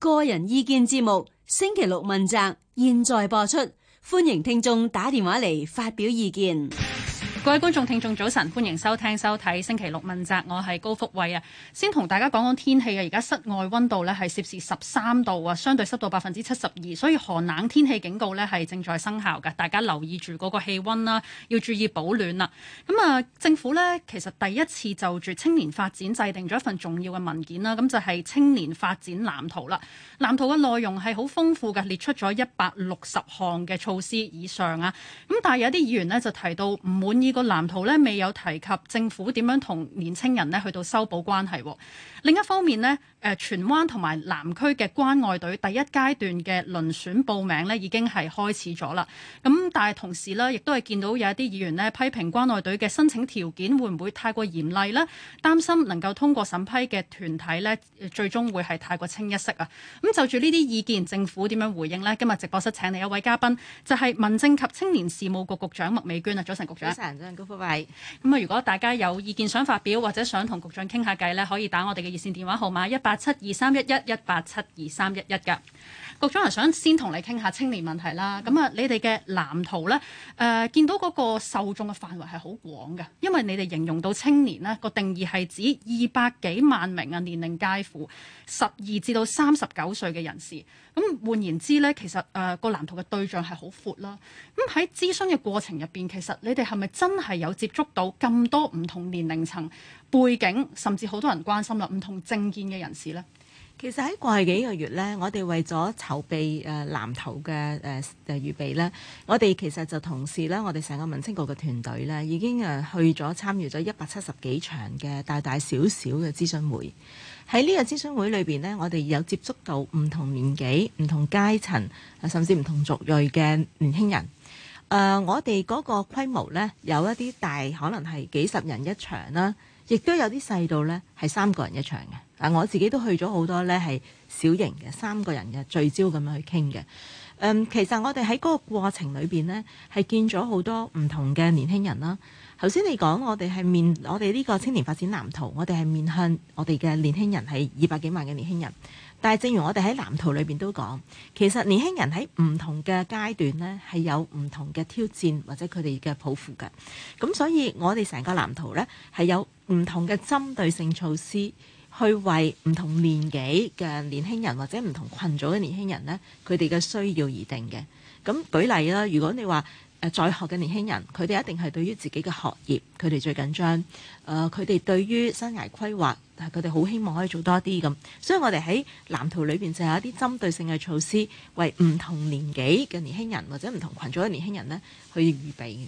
個人意見節目，星期六問責，現在播出，歡迎聽眾打電話嚟發表意見。各位觀眾、聽眾，早晨，歡迎收聽、收睇《星期六問責》，我係高福慧啊！先同大家講講天氣啊，而家室外溫度呢係攝氏十三度啊，相對濕度百分之七十二，所以寒冷天氣警告呢係正在生效嘅，大家留意住嗰個氣溫啦，要注意保暖啦。咁啊、呃，政府呢其實第一次就住青年發展制定咗一份重要嘅文件啦，咁就係《青年發展藍圖》啦。藍圖嘅內容係好豐富嘅，列出咗一百六十項嘅措施以上啊。咁但係有啲議員呢就提到唔滿意。呢個藍圖呢，未有提及政府點樣同年青人呢去到修補關係，哦。另一方面呢。誒荃、呃、灣同埋南區嘅關愛隊第一階段嘅輪選報名呢已經係開始咗啦。咁、嗯、但係同時呢，亦都係見到有一啲議員呢批評關愛隊嘅申請條件會唔會太過嚴厲呢？擔心能夠通過審批嘅團體呢，最終會係太過清一色啊。咁、嗯、就住呢啲意見，政府點樣回應呢？今日直播室請嚟一位嘉賓，就係、是、民政及青年事務局局，局長麥美娟啊。早晨，局長。早晨，高副委。咁啊、嗯，如果大家有意見想發表，或者想同局長傾下偈呢，可以打我哋嘅熱線電話號碼一八七二三一一一八七二三一一嘅。局長，我想先同你傾下青年問題啦。咁啊，你哋嘅藍圖呢，誒、呃、見到嗰個受眾嘅範圍係好廣嘅，因為你哋形容到青年呢、個定義係指二百幾萬名啊，年齡介乎十二至到三十九歲嘅人士。咁換言之呢，其實誒個、呃、藍圖嘅對象係好闊啦。咁喺諮詢嘅過程入邊，其實你哋係咪真係有接觸到咁多唔同年齡層背景，甚至好多人關心啦唔同政見嘅人士呢？其實喺過去幾個月呢，我哋為咗籌備誒藍圖嘅誒誒預備咧，我哋其實就同時咧，我哋成個民青局嘅團隊呢已經誒去咗參與咗一百七十幾場嘅大大小小嘅諮詢會。喺呢個諮詢會裏邊呢，我哋有接觸到唔同年紀、唔同階層，甚至唔同族裔嘅年輕人。誒、呃，我哋嗰個規模呢，有一啲大，可能係幾十人一場啦。亦都有啲細度呢，係三個人一場嘅。啊，我自己都去咗好多呢，係小型嘅，三個人嘅聚焦咁樣去傾嘅。嗯，其實我哋喺嗰個過程裏邊呢，係見咗好多唔同嘅年輕人啦。頭先你講我哋係面，我哋呢個青年發展藍圖，我哋係面向我哋嘅年輕人係二百幾萬嘅年輕人。但係，正如我哋喺藍圖裏邊都講，其實年輕人喺唔同嘅階段咧，係有唔同嘅挑戰或者佢哋嘅抱負㗎。咁所以，我哋成個藍圖咧係有唔同嘅針對性措施，去為唔同年紀嘅年輕人或者唔同群組嘅年輕人咧，佢哋嘅需要而定嘅。咁舉例啦，如果你話，誒在學嘅年輕人，佢哋一定係對於自己嘅學業，佢哋最緊張。誒、呃，佢哋對於生涯規劃，但係佢哋好希望可以做多啲。咁所以我哋喺藍圖裏邊就有一啲針對性嘅措施，為唔同年紀嘅年輕人或者唔同群組嘅年輕人呢，去預備嘅。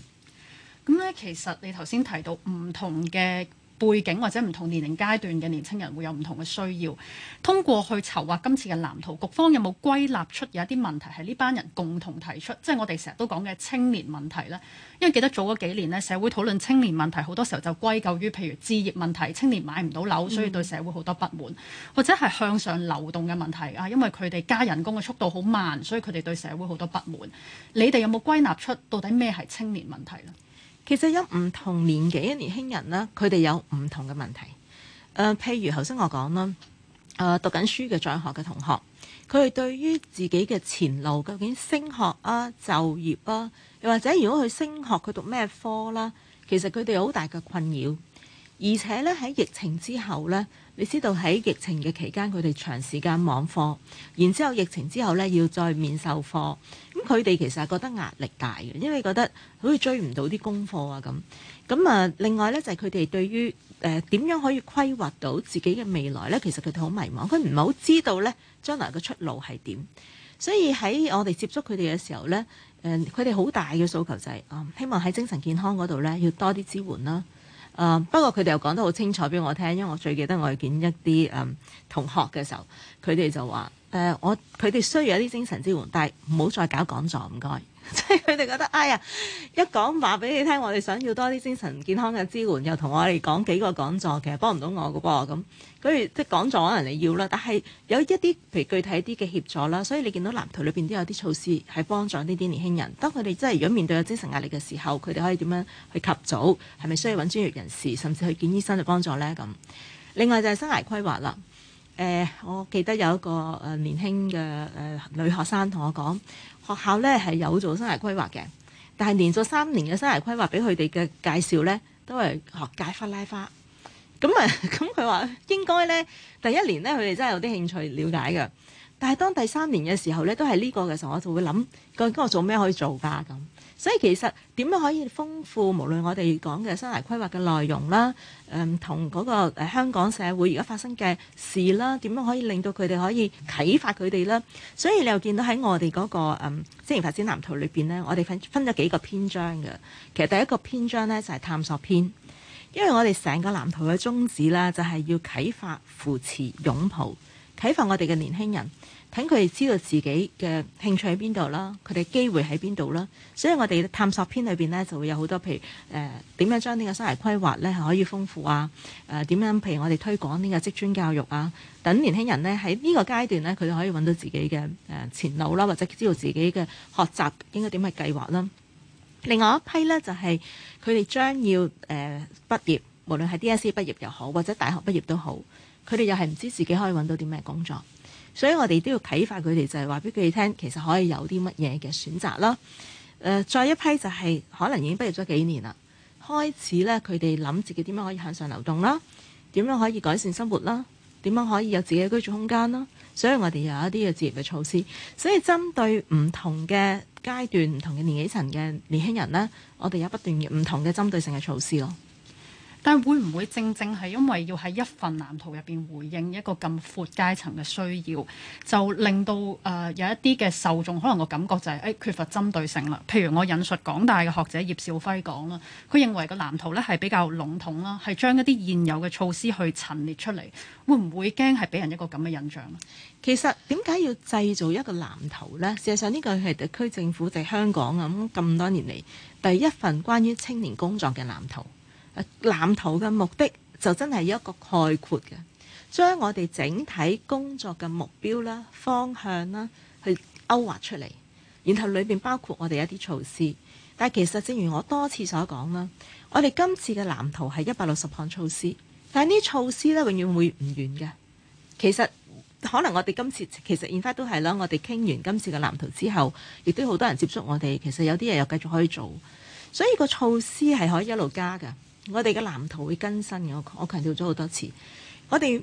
咁咧、嗯，其實你頭先提到唔同嘅。背景或者唔同年齡階段嘅年青人會有唔同嘅需要，通過去籌劃今次嘅藍圖，局方有冇歸納出有一啲問題係呢班人共同提出？即係我哋成日都講嘅青年問題呢？因為記得早嗰幾年呢，社會討論青年問題好多時候就歸咎於譬如置業問題，青年買唔到樓，所以對社會好多不滿，嗯、或者係向上流動嘅問題啊，因為佢哋加人工嘅速度好慢，所以佢哋對社會好多不滿。你哋有冇歸納出到底咩係青年問題呢？其實有唔同年紀嘅年輕人呢，佢哋有唔同嘅問題。誒、呃，譬如頭先我講啦，誒、呃，讀緊書嘅在學嘅同學，佢哋對於自己嘅前路究竟升學啊、就業啊，又或者如果佢升學，佢讀咩科啦，其實佢哋有好大嘅困擾。而且呢，喺疫情之後呢，你知道喺疫情嘅期間，佢哋長時間網課，然之後疫情之後呢，要再面授課。佢哋其實係覺得壓力大嘅，因為覺得好似追唔到啲功課啊咁。咁啊，另外咧就係佢哋對於誒點樣可以規劃到自己嘅未來咧，其實佢哋好迷茫，佢唔係好知道咧將來嘅出路係點。所以喺我哋接觸佢哋嘅時候咧，誒，佢哋好大嘅訴求就係啊，希望喺精神健康嗰度咧要多啲支援啦。啊，不過佢哋又講得好清楚俾我聽，因為我最記得我去見一啲誒同學嘅時候，佢哋就話。誒、呃，我佢哋需要一啲精神支援，但係唔好再搞講座，唔該。即係佢哋覺得，哎呀，一講話俾你聽，我哋想要多啲精神健康嘅支援，又同我哋講幾個講座，其實幫唔到我嘅噃。咁，跟住即係講座可能你要啦，但係有一啲譬如具體啲嘅協助啦，所以你見到藍圖裏邊都有啲措施係幫助呢啲年輕人，當佢哋真係如果面對有精神壓力嘅時候，佢哋可以點樣去及早？係咪需要搵專業人士，甚至去見醫生去幫助呢？咁，另外就係生涯規劃啦。誒、呃，我記得有一個誒、呃、年輕嘅誒、呃、女學生同我講，學校咧係有做生涯規劃嘅，但係連續三年嘅生涯規劃俾佢哋嘅介紹咧，都係學界花拉花，咁、嗯、啊，咁佢話應該咧第一年咧佢哋真係有啲興趣了解嘅，但係當第三年嘅時候咧，都係呢個嘅時候，我就會諗，究竟我做咩可以做㗎咁？所以其實點樣可以豐富，無論我哋講嘅生涯規劃嘅內容啦，誒、嗯、同嗰個香港社會而家發生嘅事啦，點樣可以令到佢哋可以啟發佢哋啦？所以你又見到喺我哋嗰、那個誒青年發展藍圖裏邊呢，我哋分分咗幾個篇章嘅。其實第一個篇章呢，就係、是、探索篇，因為我哋成個藍圖嘅宗旨啦，就係、是、要啟發扶持擁抱，啟發我哋嘅年輕人。等佢哋知道自己嘅興趣喺邊度啦，佢哋機會喺邊度啦，所以我哋探索篇裏邊呢，就會有好多譬如誒點樣將呢個生涯規劃呢，可以豐富啊，誒點樣譬如我哋推廣呢個職專教育啊，等年輕人呢，喺呢個階段呢，佢哋可以揾到自己嘅誒前路啦，或者知道自己嘅學習應該點去計劃啦。另外一批呢，就係佢哋將要誒、呃、畢業，無論係 DSE 畢業又好，或者大學畢業都好，佢哋又係唔知自己可以揾到啲咩工作？所以我哋都要啟發佢哋，就係話俾佢哋聽，其實可以有啲乜嘢嘅選擇啦。誒、呃，再一批就係、是、可能已經畢業咗幾年啦，開始咧佢哋諗自己點樣可以向上流動啦，點樣可以改善生活啦，點樣可以有自己嘅居住空間啦。所以我哋有一啲嘅置業嘅措施。所以針對唔同嘅階段、唔同嘅年紀層嘅年輕人呢，我哋有不斷嘅唔同嘅針對性嘅措施咯。但會唔會正正係因為要喺一份藍圖入邊回應一個咁闊階層嘅需要，就令到誒、呃、有一啲嘅受眾可能個感覺就係、是、誒、哎、缺乏針對性啦。譬如我引述港大嘅學者葉兆輝講啦，佢認為個藍圖呢係比較籠統啦，係將一啲現有嘅措施去陳列出嚟，會唔會驚係俾人一個咁嘅印象？其實點解要製造一個藍圖呢？事實際上呢、這個係特區政府就喺、是、香港咁咁、嗯、多年嚟第一份關於青年工作嘅藍圖。誒，藍圖嘅目的就真係一個概括嘅，將我哋整體工作嘅目標啦、方向啦去勾畫出嚟，然後裏邊包括我哋一啲措施。但係其實，正如我多次所講啦，我哋今次嘅藍圖係一百六十項措施，但係呢措施咧永遠會唔完嘅。其實可能我哋今次其實現翻都係啦，我哋傾完今次嘅藍圖之後，亦都好多人接觸我哋。其實有啲嘢又繼續可以做，所以個措施係可以一路加㗎。我哋嘅藍圖會更新嘅，我我強調咗好多次。我哋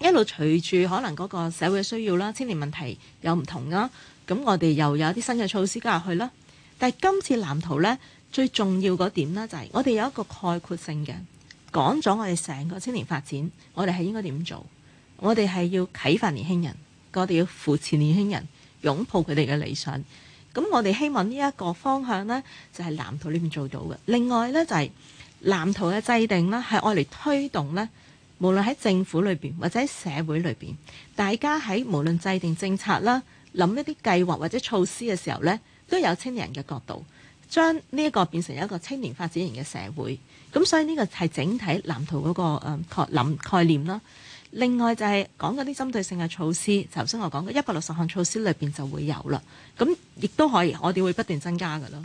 一路隨住可能嗰個社會嘅需要啦，青年問題有唔同啦，咁我哋又有啲新嘅措施加入去啦。但係今次藍圖呢，最重要嗰點呢，就係我哋有一個概括性嘅講咗我哋成個青年發展，我哋係應該點做？我哋係要啟發年輕人，我哋要扶持年輕人，擁抱佢哋嘅理想。咁我哋希望呢一個方向呢，就係藍圖裏面做到嘅。另外呢，就係。藍圖嘅制定呢係愛嚟推動呢，無論喺政府裏邊或者喺社會裏邊，大家喺無論制定政策啦，諗一啲計劃或者措施嘅時候呢，都有青年人嘅角度，將呢一個變成一個青年發展型嘅社會。咁所以呢個係整體藍圖嗰個誒概念啦。另外就係講嗰啲針對性嘅措施，頭先我講嘅一百六十項措施裏邊就會有啦。咁亦都可以，我哋會不斷增加噶囉。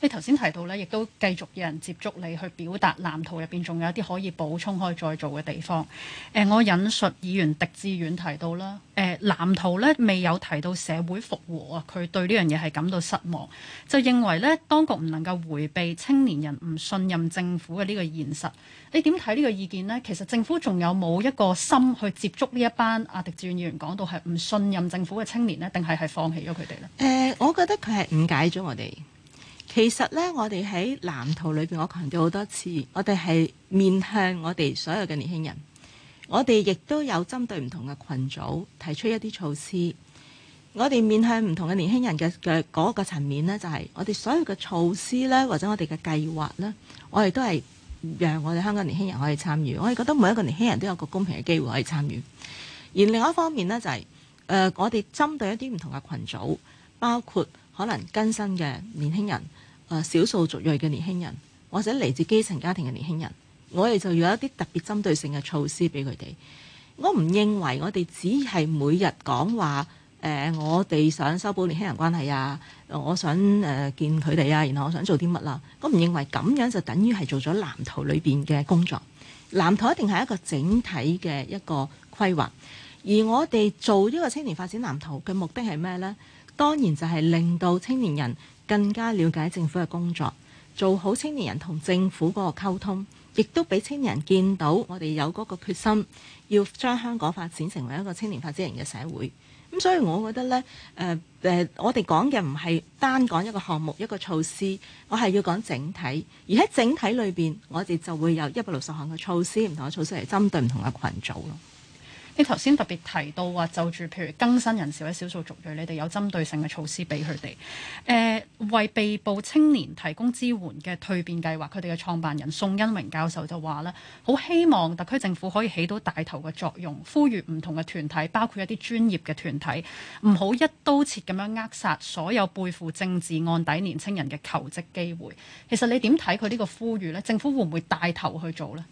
你頭先提到咧，亦都繼續有人接觸你去表達藍圖入邊，仲有一啲可以補充、可以再做嘅地方。誒、呃，我引述議員狄志遠提到啦，誒、呃，藍圖咧未有提到社會復和啊，佢對呢樣嘢係感到失望，就認為咧當局唔能夠迴避青年人唔信任政府嘅呢個現實。你點睇呢個意見呢？其實政府仲有冇一個心去接觸呢一班阿狄志遠議員講到係唔信任政府嘅青年呢，定係係放棄咗佢哋呢？誒、呃，我覺得佢係誤解咗我哋。其實咧，我哋喺藍圖裏邊，我強調好多次，我哋係面向我哋所有嘅年輕人。我哋亦都有針對唔同嘅群組提出一啲措施。我哋面向唔同嘅年輕人嘅嘅嗰個層面呢，就係我哋所有嘅措施呢，或者我哋嘅計劃呢，我哋都係讓我哋香港年輕人可以參與。我哋覺得每一個年輕人都有個公平嘅機會可以參與。而另外一方面呢，就係誒，我哋針對一啲唔同嘅群組，包括可能更新嘅年輕人。誒少數族裔嘅年輕人，或者嚟自基層家庭嘅年輕人，我哋就要有一啲特別針對性嘅措施俾佢哋。我唔認為我哋只係每日講話誒，我哋想修補年輕人關係啊，我想誒、呃、見佢哋啊，然後我想做啲乜啦。我唔認為咁樣就等於係做咗藍圖裏邊嘅工作。藍圖一定係一個整體嘅一個規劃，而我哋做呢個青年發展藍圖嘅目的係咩呢？當然就係令到青年人，更加了解政府嘅工作，做好青年人同政府嗰個溝通，亦都俾青年人見到我哋有嗰個決心，要將香港發展成為一個青年發展型嘅社會，咁、嗯、所以，我覺得咧，誒、呃、誒、呃，我哋講嘅唔係單講一個項目，一個措施，我係要講整體，而喺整體裏邊，我哋就會有一百六十項嘅措施，唔同嘅措施嚟針對唔同嘅群組咯。你頭先特別提到話就住譬如更新人士或者少數族裔，你哋有針對性嘅措施俾佢哋。誒、呃，為被捕青年提供支援嘅蛻變計劃，佢哋嘅創辦人宋恩榮教授就話咧，好希望特區政府可以起到帶頭嘅作用，呼籲唔同嘅團體，包括一啲專業嘅團體，唔好一刀切咁樣扼殺所有背負政治案底年青人嘅求職機會。其實你點睇佢呢個呼籲呢？政府會唔會帶頭去做呢？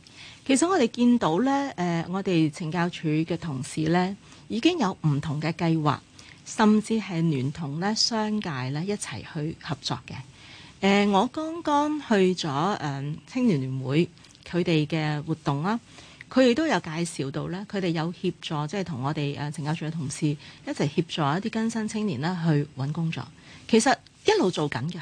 其實我哋見到咧，誒、呃，我哋懲教處嘅同事咧，已經有唔同嘅計劃，甚至係聯同咧商界咧一齊去合作嘅。誒、呃，我剛剛去咗誒、呃、青年聯會佢哋嘅活動啦，佢哋都有介紹到咧，佢哋有協助即係同我哋誒懲教處嘅同事一齊協助一啲更生青年啦去揾工作。其實一路做緊嘅，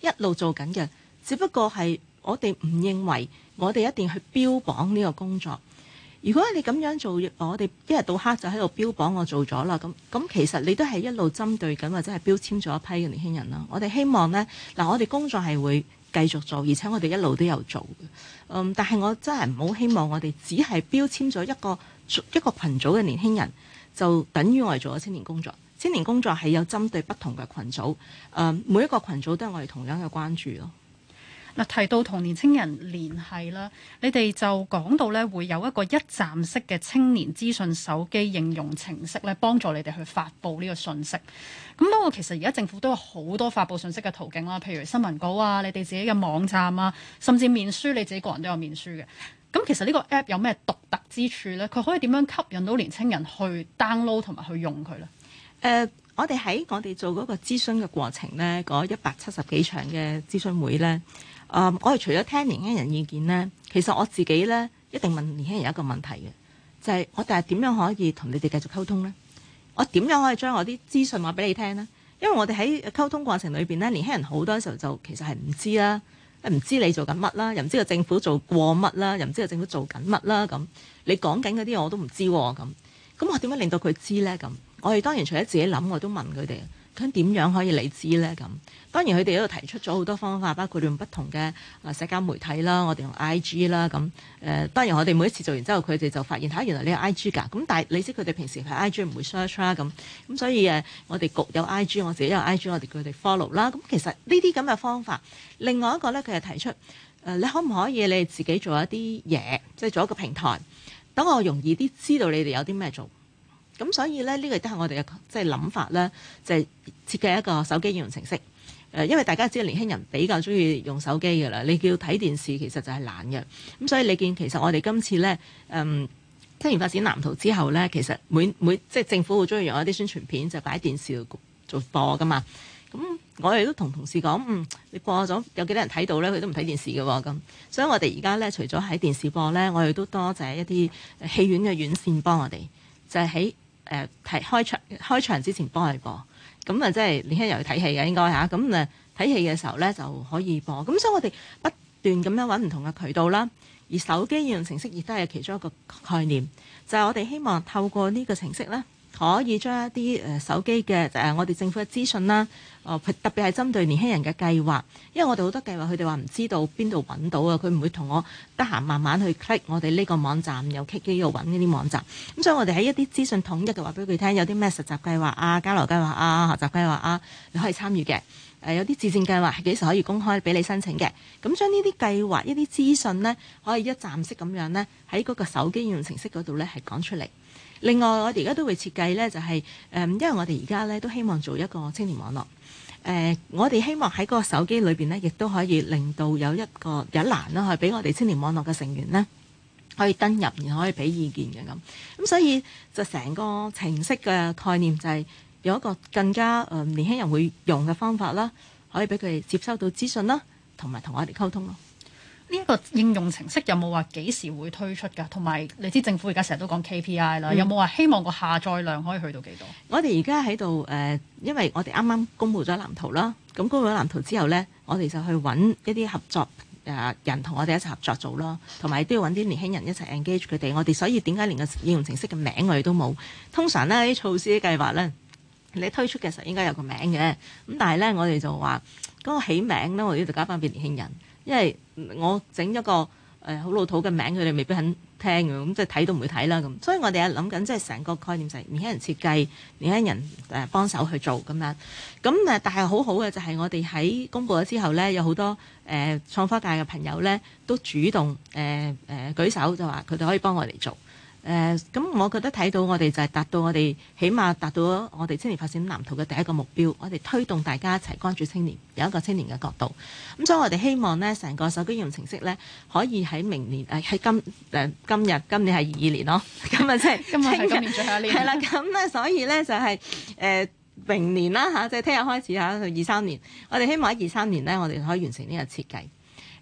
一路做緊嘅，只不過係我哋唔認為。我哋一定要去標榜呢個工作。如果你咁樣做，我哋一日到黑就喺度標榜我做咗啦。咁咁其實你都係一路針對緊，或者係標籤咗一批嘅年輕人咯。我哋希望呢，嗱，我哋工作係會繼續做，而且我哋一路都有做嘅。嗯，但係我真係唔好希望我哋只係標籤咗一個一個羣組嘅年輕人，就等於我哋做咗青年工作。青年工作係有針對不同嘅群組。誒、嗯，每一個群組都係我哋同樣嘅關注咯。嗱，提到同年青人聯繫啦，你哋就講到咧，會有一個一站式嘅青年資訊手機應用程式咧，幫助你哋去發布呢個信息。咁不過，其實而家政府都有好多發布信息嘅途徑啦，譬如新聞稿啊，你哋自己嘅網站啊，甚至面書，你自己個人都有面書嘅。咁其實呢個 app 有咩獨特之處呢？佢可以點樣吸引到年青人去 download 同埋去用佢呢？誒、呃，我哋喺我哋做嗰個諮詢嘅過程呢，嗰一百七十幾場嘅諮詢會呢。啊！Uh, 我哋除咗聽年輕人意見咧，其實我自己咧一定問年輕人一個問題嘅，就係我哋係點樣可以同你哋繼續溝通咧？我點樣可以將我啲資訊話俾你聽咧？因為我哋喺溝通過程裏邊咧，年輕人好多時候就其實係唔知啦，唔知你做緊乜啦，又唔知道政府做過乜啦，又唔知道政府做緊乜啦咁。你講緊嗰啲我都唔知喎咁。咁我點樣令到佢知咧？咁我哋當然除咗自己諗，我都問佢哋，佢點樣可以你知咧咁？當然佢哋都提出咗好多方法，包括用不同嘅啊社交媒體啦，我哋用 I G 啦咁。誒、呃，當然我哋每一次做完之後，佢哋就發現嚇，原來你有 I G 㗎。咁但係你知佢哋平時係 I G 唔會 search 啦咁咁，所以誒，我哋局有 I G，我自己有 I G，我哋叫佢哋 follow 啦。咁其實呢啲咁嘅方法，另外一個咧，佢就提出誒、呃，你可唔可以你自己做一啲嘢，即係做一個平台，等我容易啲知道你哋有啲咩做咁。所以咧，這個、呢個都係我哋嘅即係諗法啦，就係、設計一個手機應用程式。誒，因為大家知，年輕人比較中意用手機嘅啦，你叫睇電視其實就係懶嘅。咁、嗯、所以你見其實我哋今次咧，誒、嗯，聽完發展藍圖之後咧，其實每每即係政府會中意用一啲宣傳片就擺電視度做播噶嘛。咁、嗯、我哋都同同事講、嗯，你播咗有幾多人睇到咧？佢都唔睇電視嘅喎、哦。咁，所以我哋而家咧，除咗喺電視播咧，我哋都多謝一啲戲院嘅院線幫我哋，就係喺誒睇開場開場之前幫佢播。咁啊，即係年輕人去睇戲嘅應該嚇，咁誒睇戲嘅時候咧就可以播，咁所以我哋不斷咁樣揾唔同嘅渠道啦，而手機應用程式亦都係其中一個概念，就係我哋希望透過呢個程式咧。可以將一啲誒、呃、手機嘅誒、呃，我哋政府嘅資訊啦，哦、呃，特別係針對年輕人嘅計劃，因為我哋好多計劃，佢哋話唔知道邊度揾到啊，佢唔會同我得閒慢慢去 click 我哋呢個網站，又 click 呢度揾呢啲網站。咁、嗯、所以，我哋喺一啲資訊統一嘅話俾佢聽，有啲咩實習計劃啊、交流計劃啊、學習計劃啊，你可以參與嘅。誒、呃，有啲自薦計劃係幾時可以公開俾你申請嘅？咁、嗯、將呢啲計劃一啲資訊呢，可以一站式咁樣呢，喺嗰個手機應用程式嗰度呢，係講出嚟。另外，我哋而家都會設計呢，就係、是、誒、嗯，因為我哋而家呢都希望做一個青年網絡。誒、呃，我哋希望喺個手機裏邊呢，亦都可以令到有一個有一欄啦、啊，係俾我哋青年網絡嘅成員呢，可以登入，然後可以俾意見嘅。咁。咁、嗯、所以就成個程式嘅概念就係有一個更加誒、嗯、年輕人會用嘅方法啦，可以俾佢哋接收到資訊啦，同埋同我哋溝通咯。呢個應用程式有冇話幾時會推出㗎？同埋你知政府而家成日都講 KPI 啦、嗯，有冇話希望個下載量可以去到幾多？我哋而家喺度誒，因為我哋啱啱公布咗藍圖啦，咁公布咗藍圖之後呢，我哋就去揾一啲合作誒人同我哋一齊合作做咯，同埋都要揾啲年輕人一齊 engage 佢哋。我哋所以點解連個應用程式嘅名我哋都冇？通常呢啲措施啲計劃呢，你推出嘅時候應該有個名嘅。咁但係呢，我哋就話嗰個起名呢，我哋就交翻俾年輕人，因為。我整一個誒好、呃、老土嘅名，佢哋未必肯聽嘅，咁、嗯、即係睇都唔會睇啦咁。所以我哋有諗緊，即係成個概念就係年輕人設計，年輕人誒、啊、幫手去做咁樣。咁誒，但係好好嘅就係我哋喺公佈咗之後咧，有好多誒、呃、創科界嘅朋友咧都主動誒誒、呃呃、舉手，就話佢哋可以幫我哋做。誒咁、嗯，我覺得睇到我哋就係達到我哋，起碼達到我哋青年發展藍圖嘅第一個目標。我哋推動大家一齊關注青年，有一個青年嘅角度。咁、嗯、所以，我哋希望呢，成個手機應用程式呢，可以喺明年誒喺今、呃、今日今年係二二年咯、哦。咁啊，即係 今年年、最後一年係啦。咁、嗯、呢，所以呢、就是呃啊，就係、是、誒明年啦吓，即係聽日開始嚇、啊，二三年。我哋希望喺二三年呢，我哋可以完成呢個設計。誒、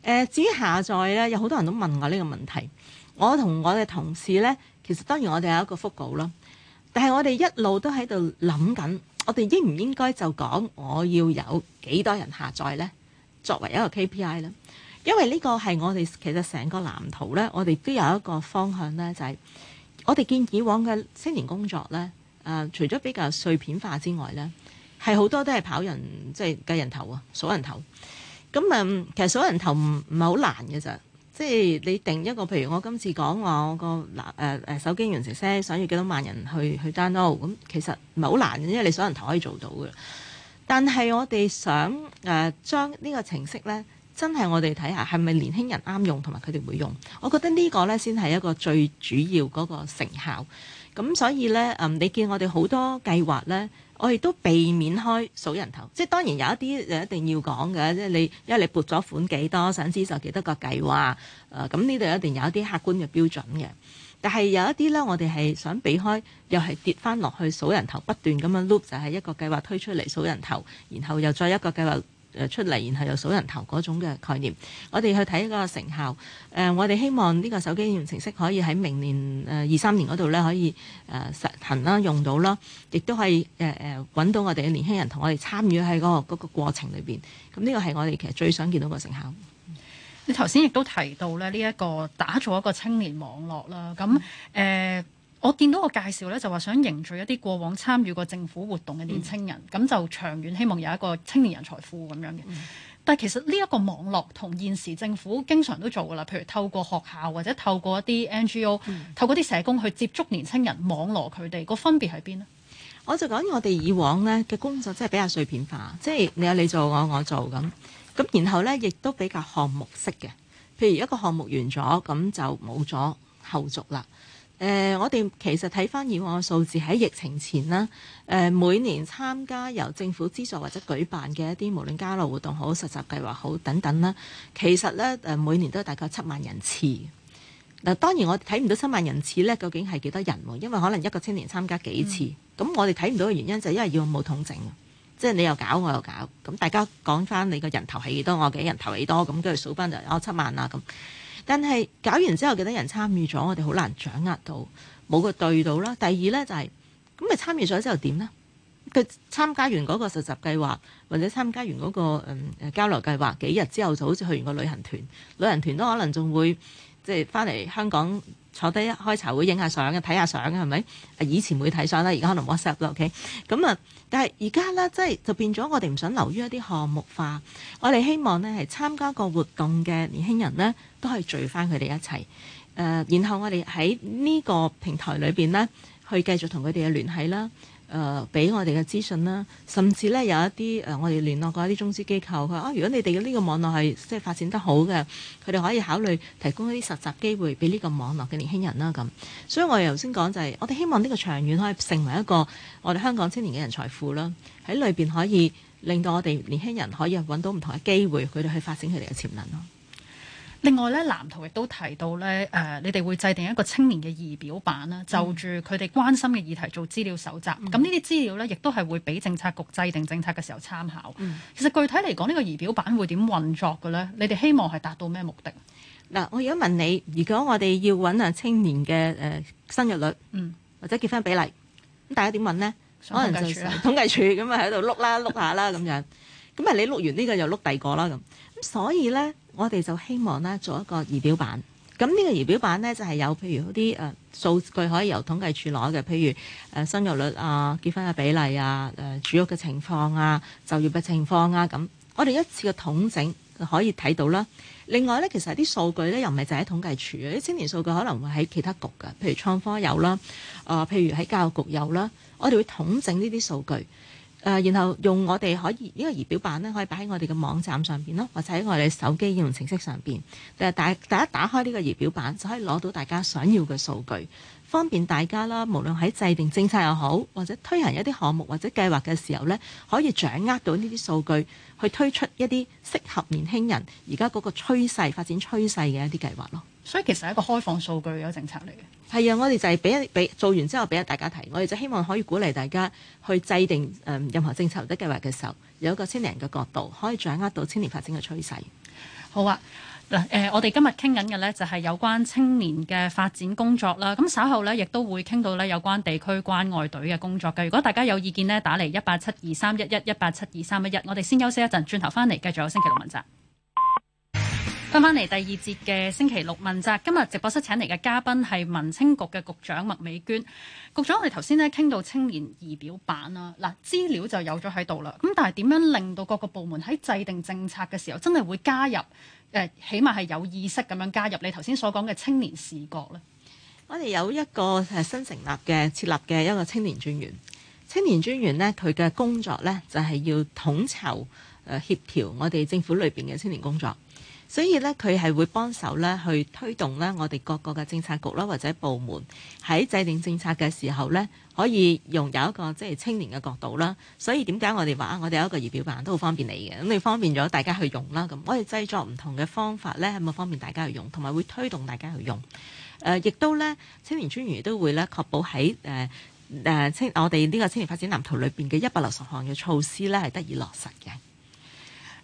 呃，至於下載呢，有好多人都問我呢個問題。我同我哋同事呢。其實當然我哋有一個報告，咯，但係我哋一路都喺度諗緊，我哋應唔應該就講我要有幾多人下載呢？作為一個 KPI 呢，因為呢個係我哋其實成個藍圖呢，我哋都有一個方向呢，就係、是、我哋見以往嘅青年工作呢，誒、呃，除咗比較碎片化之外呢，係好多都係跑人，即係計人頭啊，數人頭。咁、嗯、啊，其實數人頭唔唔係好難嘅咋。即係你定一個，譬如我今次講我個嗱誒誒手機完成聲，想要幾多萬人去去 download，咁其實唔係好難，因為你想人頭可以做到嘅。但係我哋想誒將呢個程式咧，真係我哋睇下係咪年輕人啱用同埋佢哋會用。我覺得個呢個咧先係一個最主要嗰個成效。咁所以咧，嗯、呃，你見我哋好多計劃咧。我亦都避免開數人頭，即係當然有一啲就一定要講嘅，即係你因為你撥咗款幾多，想知就幾多個計劃，誒咁呢度一定有一啲客觀嘅標準嘅。但係有一啲呢，我哋係想避開，又係跌翻落去數人頭，不斷咁樣 loop 就係一個計劃推出嚟數人頭，然後又再一個計劃。誒出嚟，然後又數人頭嗰種嘅概念，我哋去睇一個成效。誒、呃，我哋希望呢個手機應用程式可以喺明年誒二三年嗰度咧，可以誒實行啦，用到啦，亦都可以誒誒搵到我哋嘅年輕人同我哋參與喺個嗰、那個過程裏邊。咁、嗯、呢、這個係我哋其實最想見到個成效。你頭先亦都提到咧，呢一個打造一個青年網絡啦。咁誒。嗯呃我見到個介紹咧，就話想凝聚一啲過往參與過政府活動嘅年輕人，咁、嗯、就長遠希望有一個青年人才庫咁樣嘅。嗯、但係其實呢一個網絡同現時政府經常都做噶啦，譬如透過學校或者透過一啲 NGO、嗯、透過啲社工去接觸年輕人網絡佢哋、個分別喺邊呢？我就講我哋以往呢嘅工作真係比較碎片化，即係你有你做，我我做咁咁，然後呢，亦都比較項目式嘅。譬如一個項目完咗，咁就冇咗後續啦。誒、呃，我哋其實睇翻以往嘅數字喺疫情前啦，誒、呃、每年參加由政府資助或者舉辦嘅一啲無論交流活動好、實習計劃好等等啦，其實咧誒、呃、每年都係大概七萬人次。嗱、呃，當然我睇唔到七萬人次咧，究竟係幾多人喎？因為可能一個青年參加幾次，咁、嗯、我哋睇唔到嘅原因就係因為要冇統整，即、就、係、是、你又搞我又搞，咁大家講翻你嘅人頭係幾多，我嘅人頭幾多，咁跟住數翻就啊、是哦、七萬啦、啊、咁。但係搞完之後，幾多人參與咗？我哋好難掌握到冇個對到啦。第二呢，就係咁咪參與咗之後點呢？佢參加完嗰個實習計劃或者參加完嗰個誒交流計劃幾日之後，就好似去完個旅行團，旅行團都可能仲會。即係翻嚟香港坐低開茶會影下相，睇下相係咪？以前會睇相啦，而家可能 WhatsApp 啦。OK，咁啊，但係而家咧，即係就變咗我哋唔想流於一啲項目化，我哋希望呢係參加個活動嘅年輕人呢，都可以聚翻佢哋一齊。誒、呃，然後我哋喺呢個平台裏邊呢，去繼續同佢哋嘅聯繫啦。誒，俾、呃、我哋嘅資訊啦，甚至呢，有一啲誒、呃，我哋聯絡過一啲中資機構，佢話啊，如果你哋嘅呢個網絡係即係發展得好嘅，佢哋可以考慮提供一啲實習機會俾呢個網絡嘅年輕人啦。咁，所以我哋頭先講就係、是，我哋希望呢個長遠可以成為一個我哋香港青年嘅人才庫啦，喺裏邊可以令到我哋年輕人可以揾到唔同嘅機會，佢哋去發展佢哋嘅潛能咯。另外咧，藍圖亦都提到咧，誒，你哋會制定一個青年嘅儀表板啦，就住佢哋關心嘅議題做資料搜集。咁呢啲資料咧，亦都係會俾政策局制定政策嘅時候參考。其實具體嚟講，呢個儀表板會點運作嘅咧？你哋希望係達到咩目的？嗱，我而家問你，如果我哋要揾啊青年嘅誒生育率，嗯，或者結婚比例，咁大家點揾咧？可能就係統計處咁啊喺度碌啦，碌下啦咁樣。咁啊，你碌完呢個就碌第二個啦咁。所以咧，我哋就希望咧做一個儀表板。咁呢個儀表板咧，就係、是、有譬如嗰啲誒數據可以由統計處攞嘅，譬如誒、呃、生育率啊、呃、結婚嘅比例啊、誒、呃、住屋嘅情況啊、就業嘅情況啊咁。我哋一次嘅統整就可以睇到啦。另外咧，其實啲數據咧又唔係就喺統計處，啲青年數據可能會喺其他局嘅，譬如創科有啦，誒、呃、譬如喺教育局有啦。我哋會統整呢啲數據。誒，然後用我哋可以呢個儀表板咧，可以擺喺我哋嘅網站上邊咯，或者喺我哋手機應用程式上邊。誒，大大家打開呢個儀表板就可以攞到大家想要嘅數據，方便大家啦。無論喺制定政策又好，或者推行一啲項目或者計劃嘅時候呢，可以掌握到呢啲數據，去推出一啲適合年輕人而家嗰個趨勢發展趨勢嘅一啲計劃咯。所以其實係一個開放數據嘅政策嚟嘅。係啊，我哋就係俾一俾做完之後俾大家睇，我哋就希望可以鼓勵大家去制定誒、嗯、任何政策或者計劃嘅時候，有一個青年嘅角度，可以掌握到青年發展嘅趨勢。好啊，嗱誒、呃，我哋今日傾緊嘅呢就係、是、有關青年嘅發展工作啦。咁稍後呢亦都會傾到呢有關地區關愛隊嘅工作嘅。如果大家有意見呢，打嚟一八七二三一一一八七二三一一，我哋先休息一陣，轉頭翻嚟繼續有星期六問責。翻翻嚟第二節嘅星期六問責，今日直播室請嚟嘅嘉賓係民青局嘅局長麥美娟局長，我哋頭先咧傾到青年儀表板啦，嗱資料就有咗喺度啦。咁但係點樣令到各個部門喺制定政策嘅時候真係會加入誒、呃，起碼係有意識咁樣加入你頭先所講嘅青年視角咧？我哋有一個新成立嘅設立嘅一個青年專員，青年專員咧，佢嘅工作咧就係、是、要統籌誒協調我哋政府裏邊嘅青年工作。所以咧，佢係會幫手咧，去推動咧我哋各個嘅政策局啦，或者部門喺制定政策嘅時候咧，可以用有一個即係青年嘅角度啦。所以點解我哋話我哋有一個儀表板都好方便你嘅，咁你方便咗大家去用啦。咁我哋製作唔同嘅方法咧，係咪方便大家去用，同埋會推動大家去用？誒，亦都咧，青年專員都會咧確保喺誒誒青我哋呢個青年發展藍圖裏邊嘅一百六十項嘅措施咧係得以落實嘅。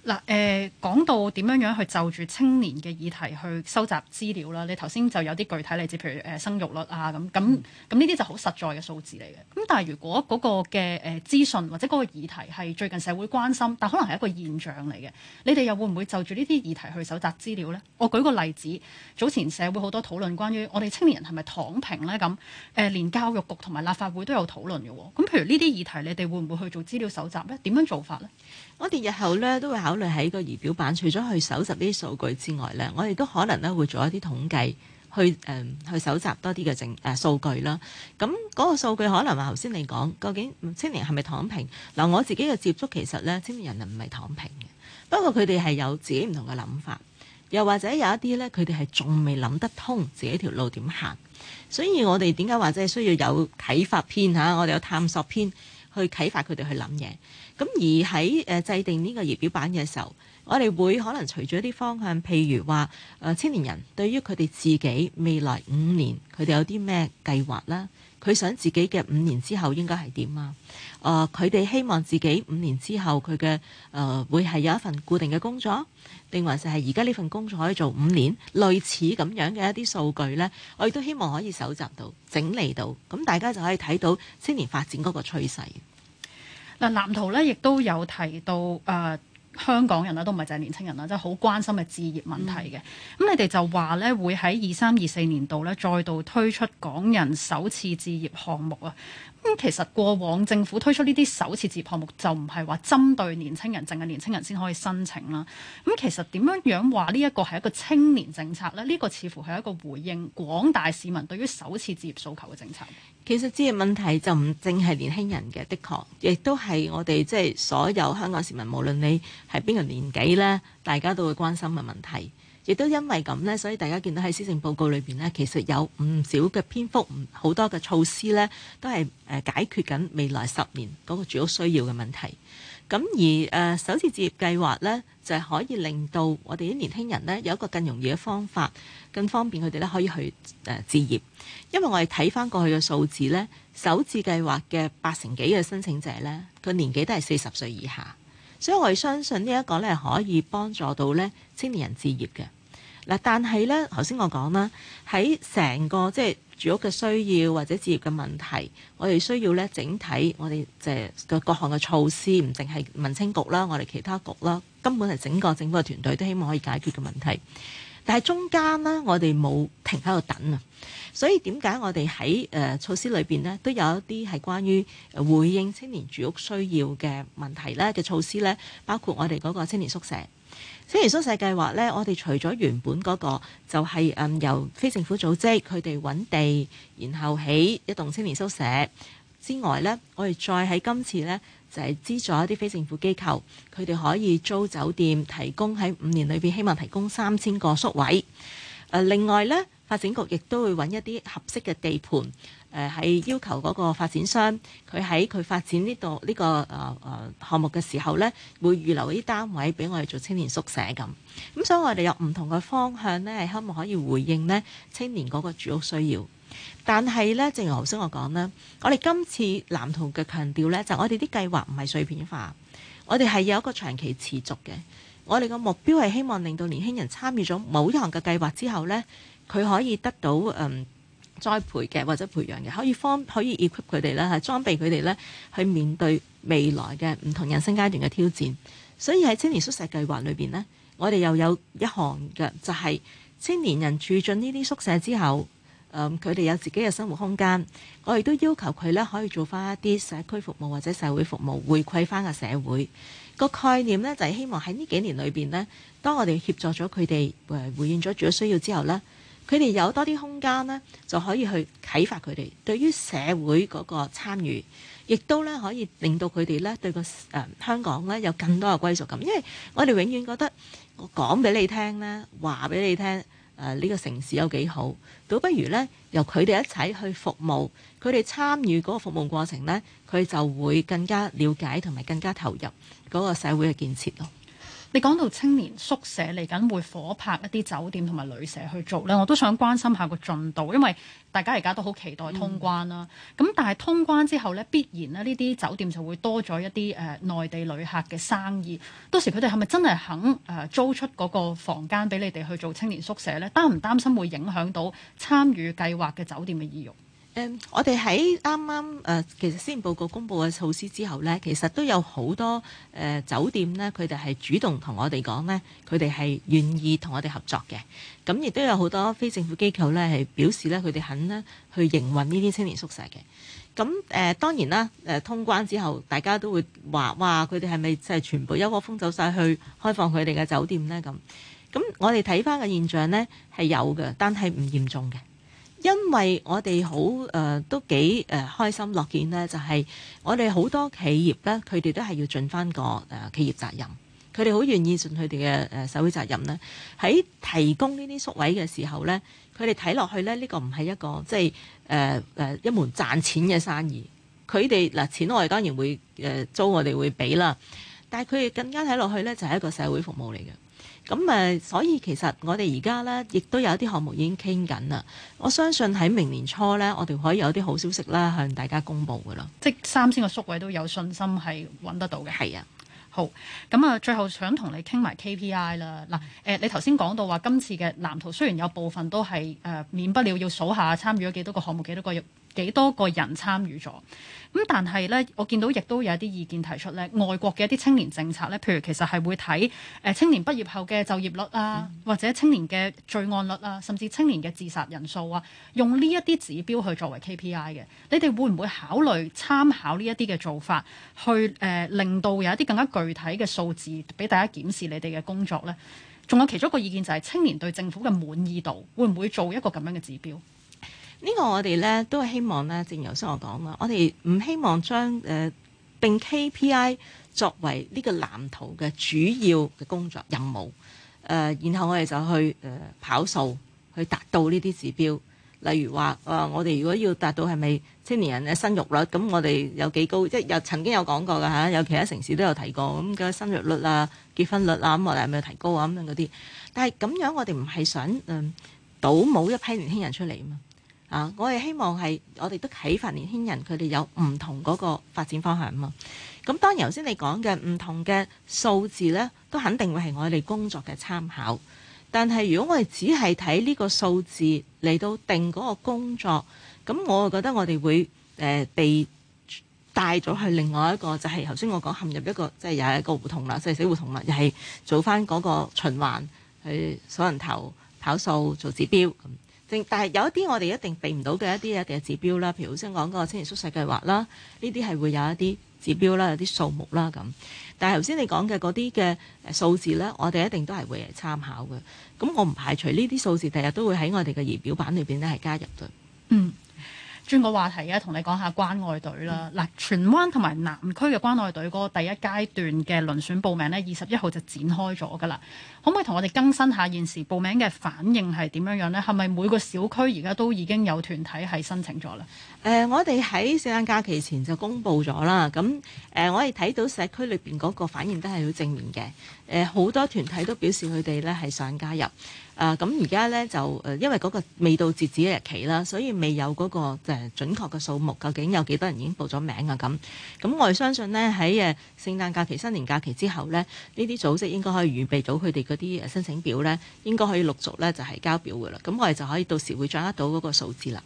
嗱，誒、呃、講到點樣樣去就住青年嘅議題去收集資料啦，你頭先就有啲具體例子，譬如誒、呃、生育率啊咁，咁咁呢啲就好實在嘅數字嚟嘅。咁但係如果嗰個嘅誒、呃、資訊或者嗰個議題係最近社會關心，但可能係一個現象嚟嘅，你哋又會唔會就住呢啲議題去搜集資料呢？我舉個例子，早前社會好多討論關於我哋青年人係咪躺平呢？咁，誒、呃、連教育局同埋立法會都有討論嘅喎。咁譬如呢啲議題，你哋會唔會去做資料搜集呢？點樣做法呢？我哋日後咧都會考慮喺個儀表板，除咗去搜集呢啲數據之外咧，我哋都可能咧會做一啲統計，去誒、呃、去搜集多啲嘅政誒數據啦。咁、嗯、嗰、那個數據可能話頭先你講，究竟青年係咪躺平？嗱、嗯，我自己嘅接觸其實咧，青年人唔係躺平嘅，不過佢哋係有自己唔同嘅諗法，又或者有一啲咧，佢哋係仲未諗得通自己條路點行，所以我哋點解話即係需要有啟發篇嚇、啊，我哋有探索篇去啟發佢哋去諗嘢。咁而喺誒制定呢個儀表板嘅時候，我哋會可能隨住一啲方向，譬如話誒青年人對於佢哋自己未來五年佢哋有啲咩計劃啦，佢想自己嘅五年之後應該係點啊？誒、呃，佢哋希望自己五年之後佢嘅誒會係有一份固定嘅工作，定還是係而家呢份工作可以做五年，類似咁樣嘅一啲數據呢，我亦都希望可以搜集到、整理到，咁大家就可以睇到青年發展嗰個趨勢。嗱，藍圖咧亦都有提到，誒、呃、香港人啦，都唔係就係年輕人啦，即係好關心嘅置業問題嘅。咁你哋就話咧，會喺二三二四年度咧，再度推出港人首次置業項目啊。咁其實過往政府推出呢啲首次置業項目就唔係話針對年青人，淨係年青人先可以申請啦。咁其實點樣樣話呢一個係一個青年政策呢？呢個似乎係一個回應廣大市民對於首次置業訴求嘅政策。其實置業問題就唔淨係年輕人嘅，的確亦都係我哋即係所有香港市民，無論你係邊個年紀呢，大家都會關心嘅問題。亦都因為咁呢，所以大家見到喺施政報告裏邊呢，其實有唔少嘅篇幅，唔好多嘅措施呢，都係誒解決緊未來十年嗰個住屋需要嘅問題。咁而誒、呃、首次置業計劃呢，就係可以令到我哋啲年輕人呢，有一個更容易嘅方法，更方便佢哋呢可以去誒置業。因為我哋睇翻過去嘅數字呢，首次計劃嘅八成幾嘅申請者呢，個年紀都係四十歲以下，所以我哋相信呢一個呢，可以幫助到呢青年人置業嘅。嗱，但係咧，頭先我講啦，喺成個即係住屋嘅需要或者置業嘅問題，我哋需要咧整體，我哋即係各項嘅措施，唔淨係民政局啦，我哋其他局啦，根本係整個政府嘅團隊都希望可以解決嘅問題。但係中間呢，我哋冇停喺度等啊，所以點解我哋喺誒措施裏邊呢，都有一啲係關於回應青年住屋需要嘅問題咧嘅措施咧，包括我哋嗰個青年宿舍。青年宿舍計劃呢，我哋除咗原本嗰個就係嗯由非政府組織佢哋揾地，然後起一棟青年宿舍之外呢，我哋再喺今次呢，就係資助一啲非政府機構，佢哋可以租酒店提供喺五年裏邊，希望提供三千個宿位。誒，另外呢，發展局亦都會揾一啲合適嘅地盤。誒係、呃、要求嗰個發展商，佢喺佢發展呢度呢個誒誒、這個呃呃、項目嘅時候呢，會預留一啲單位俾我哋做青年宿舍咁。咁所以我哋有唔同嘅方向呢，係希望可以回應呢青年嗰個住屋需要。但係呢，正如頭先我講咧，我哋今次藍圖嘅強調呢，就是、我哋啲計劃唔係碎片化，我哋係有一個長期持續嘅。我哋個目標係希望令到年輕人參與咗某一行某一項嘅計劃之後呢，佢可以得到誒。呃栽培嘅或者培養嘅，可以方可以 equip 佢哋啦，係裝備佢哋咧，去面對未來嘅唔同人生階段嘅挑戰。所以喺青年宿舍計劃裏邊咧，我哋又有一項嘅就係青年人住進呢啲宿舍之後，誒佢哋有自己嘅生活空間，我亦都要求佢咧可以做翻一啲社區服務或者社會服務回饋翻個社會，個概念咧就係希望喺呢幾年裏邊咧，當我哋協助咗佢哋誒回應咗住屋需要之後咧。佢哋有多啲空間呢，就可以去啟發佢哋對於社會嗰個參與，亦都咧可以令到佢哋咧對個誒、呃、香港咧有更多嘅歸屬感。因為我哋永遠覺得我講俾你聽咧，話俾你聽誒呢個城市有幾好，倒不如呢由佢哋一齊去服務，佢哋參與嗰個服務過程呢，佢就會更加了解同埋更加投入嗰個社會嘅建設咯。你講到青年宿舍嚟緊會夥拍一啲酒店同埋旅社去做咧，我都想關心下個進度，因為大家而家都好期待通關啦。咁、嗯、但係通關之後咧，必然咧呢啲酒店就會多咗一啲誒、呃、內地旅客嘅生意。到時佢哋係咪真係肯誒租出嗰個房間俾你哋去做青年宿舍咧？擔唔擔心會影響到參與計劃嘅酒店嘅意欲？嗯、我哋喺啱啱誒，其實先報告公佈嘅措施之後呢，其實都有好多誒、呃、酒店呢，佢哋係主動同我哋講呢，佢哋係願意同我哋合作嘅。咁、嗯、亦都有好多非政府機構呢，係表示呢，佢哋肯呢去營運呢啲青年宿舍嘅。咁、嗯、誒、呃，當然啦，誒、呃、通關之後，大家都會話哇，佢哋係咪即係全部一窩蜂走晒去開放佢哋嘅酒店呢？」咁、嗯、咁，我哋睇翻嘅現象呢，係有嘅，但係唔嚴重嘅。因為我哋好誒都幾誒、呃、開心樂見咧，就係、是、我哋好多企業咧，佢哋都係要盡翻個誒企業責任，佢哋好願意盡佢哋嘅誒社會責任咧。喺提供呢啲宿位嘅時候咧，佢哋睇落去咧，呢個唔係一個即係誒誒一門賺錢嘅生意。佢哋嗱錢我哋當然會誒、呃、租我哋會俾啦，但係佢哋更加睇落去咧，就係一個社會服務嚟嘅。咁誒、嗯，所以其實我哋而家咧，亦都有一啲項目已經傾緊啦。我相信喺明年初咧，我哋可以有啲好消息啦向大家公布嘅咯。即三千個宿位都有信心係揾得到嘅。係啊，好。咁、嗯、啊，最後想同你傾埋 KPI 啦。嗱，誒，你頭先講到話今次嘅藍圖，雖然有部分都係誒、呃、免不了要數下參與咗幾多個項目、幾多個月。幾多個人參與咗？咁但係咧，我見到亦都有一啲意見提出咧，外國嘅一啲青年政策咧，譬如其實係會睇誒、呃、青年畢業後嘅就業率啊，或者青年嘅罪案率啊，甚至青年嘅自殺人數啊，用呢一啲指標去作為 KPI 嘅。你哋會唔會考慮參考呢一啲嘅做法，去誒、呃、令到有一啲更加具體嘅數字俾大家檢視你哋嘅工作咧？仲有其中一個意見就係、是、青年對政府嘅滿意度，會唔會做一個咁樣嘅指標？呢個我哋咧都係希望咧，正如頭先我講啦，我哋唔希望將誒、呃、並 KPI 作為呢個藍圖嘅主要嘅工作任務。誒、呃，然後我哋就去誒、呃、跑數，去達到呢啲指標，例如話啊、呃，我哋如果要達到係咪青年人嘅生育率咁，我哋有幾高？即係有曾經有講過㗎嚇，有其他城市都有提過咁嘅、嗯那個、生育率啊、結婚率啊，咁我哋係咪提高啊？咁樣嗰啲，但係咁樣我哋唔係想嗯倒冇一批年輕人出嚟啊嘛。啊！我哋希望係我哋都啟發年輕人，佢哋有唔同嗰個發展方向嘛。咁、嗯、當然，頭先你講嘅唔同嘅數字咧，都肯定會係我哋工作嘅參考。但係如果我哋只係睇呢個數字嚟到定嗰個工作，咁我覺得我哋會誒、呃、被帶咗去另外一個，就係頭先我講陷入一個即係又係一個胡同啦，即、就、係、是、死胡同啦，又、就、係、是、做返嗰個循環去數人頭、跑數、做指標。嗯。但係有一啲我哋一定避唔到嘅一啲嘅嘅指標啦，譬如頭先講嗰個青年宿舍計劃啦，呢啲係會有一啲指標啦，有啲數目啦咁。但係頭先你講嘅嗰啲嘅數字咧，我哋一定都係會參考嘅。咁我唔排除呢啲數字第日都會喺我哋嘅儀表板裏邊咧係加入嘅。嗯。轉個話題啊，同你講下關愛隊啦。嗱、嗯，荃灣同埋南區嘅關愛隊嗰個第一階段嘅輪選報名呢，二十一號就展開咗噶啦。可唔可以同我哋更新下現時報名嘅反應係點樣樣呢？係咪每個小區而家都已經有團體係申請咗啦？誒、呃，我哋喺聖誕假期前就公布咗啦。咁誒、呃，我哋睇到社區裏邊嗰個反應都係好正面嘅。誒、呃，好多團體都表示佢哋咧係想加入。啊，咁而家咧就誒、呃，因為嗰個未到截止嘅日期啦，所以未有嗰個誒準確嘅數目，究竟有幾多人已經報咗名啊？咁，咁我哋相信咧喺誒聖誕假期、新年假期之後咧，呢啲組織應該可以預備到佢哋嗰啲誒申請表咧，應該可以陸續咧就係、是、交表嘅啦。咁我哋就可以到時會掌握到嗰個數字啦。